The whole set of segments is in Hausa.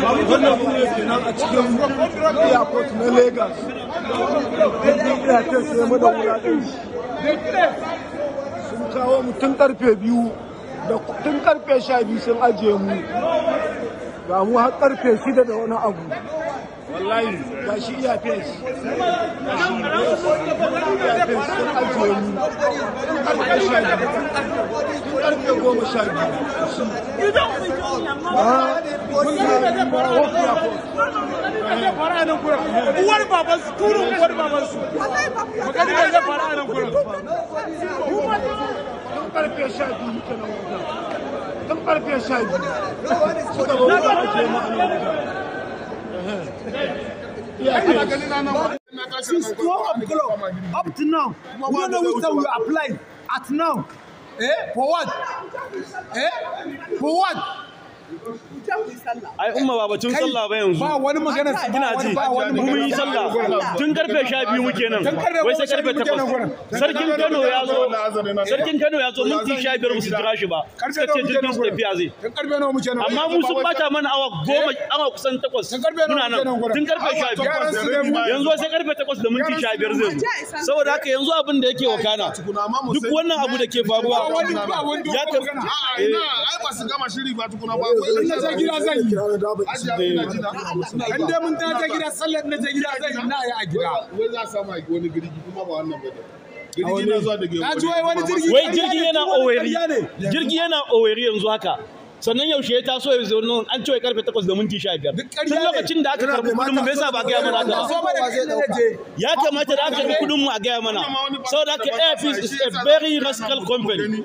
wannan kune a cikin airport na lagos da mu sun kawo mu tun karfe biyu da tun karfe sha biyu sun ajiye mu ga mu har karfe shida da wani abu wallahi ga shi iya fes ga shi iya fes sun ajiye mu karfe sha biyu karfe goma sha biyu su turu uwar baban su magana ba wuta Since 12 o'clock up to now, we don't know which time we applied. At now, Eh? For what? Eh? For what? ai umma ba batun sallah ba yanzu ba wani magana ina ji mun yi sallah tun karfe 12 muke nan wai sai karfe 8 sarkin Kano ya zo sarkin Kano ya zo mun ti 15 musu kira shi ba suka ce jirgin su tafiya zai tun karfe muke nan amma mu sun bata mana awa 10 awa kusan 8 muna nan tun karfe 12 yanzu sai karfe 8 da sha 15 zai zo saboda haka yanzu abin da yake wakana duk wannan abu da ke faruwa ya tafi a ina ai ba gama shiri ba tukuna ba in da je gida zan yi in mun ta ta gida sallar na ta gida zan yi na yi a gida wai za yana oweri jirgin yana oweri yanzu haka sannan yaushe ya taso ya zo nan an cewa karfe 8 da minti 15 tun lokacin da aka karbi kudin mu me yasa ba ga mana ba ya kamata da aka karbi kudin mu a gaya mana saboda haka AFIS is a very rascal company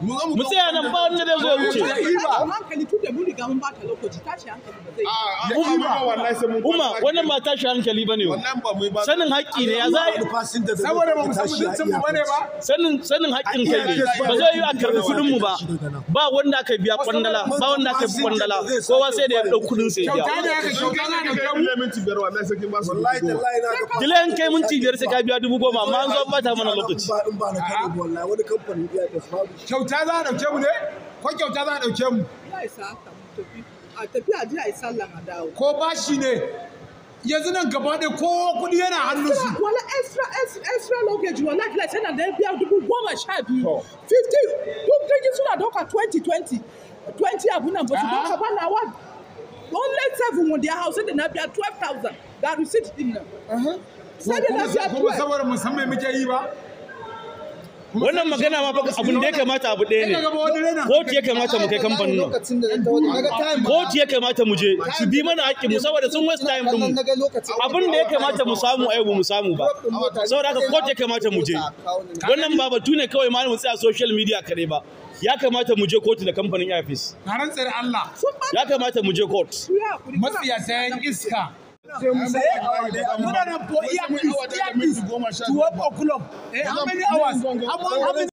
mu tsaya nan ba wanda zai zo wuce hankali a, da mun riga mun baka lokaci tashi hankali ba zai uma, wannan ba tashi hankali ba ne. sanin haƙƙi ne ya za a saboda ba mu san mu ba sanin haƙƙin kai ne ba zai yi a karɓi kuɗin mu ba ba wanda aka biya kwandala ba wanda aka bi kwandala kowa sai da ya ɗau kuɗin sai ya kyauta da kai minti biyar sai ka biya dubu goma amma an zo ta mana lokaci kyauta za a ɗauke mu ne ko kyauta za a ɗauke mu a tafi a je a yi dawo ko bashi ne yanzu nan gaba ɗaya ko kuɗi yana hannun su wala extra extra luggage wala kila sai na da biya dubu goma sha biyu Fifty duk jirgin suna doka twenty twenty. Twenty abu nan ba su dauka ba na wa only seven mu da hausa da na biya thousand. da receipt din nan sai da na biya 12 saboda musamman muke yi ba wannan magana ma fa abin da ya kamata abu ɗaya ne kotu ya kamata mu kai kamfanin nan kotu ya kamata mu je su bi mana haƙƙin mu saboda sun waste time din mu abin da ya kamata mu samu a ba mu samu ba saboda haka kotu ya kamata mu je wannan ba batu ne kawai malamin tsaya social media kare ba ya kamata mu je kotu da kamfanin office na Allah ya kamata mu je kotu matsiyatan iska Muna nan po iya please, iya How many hours? How many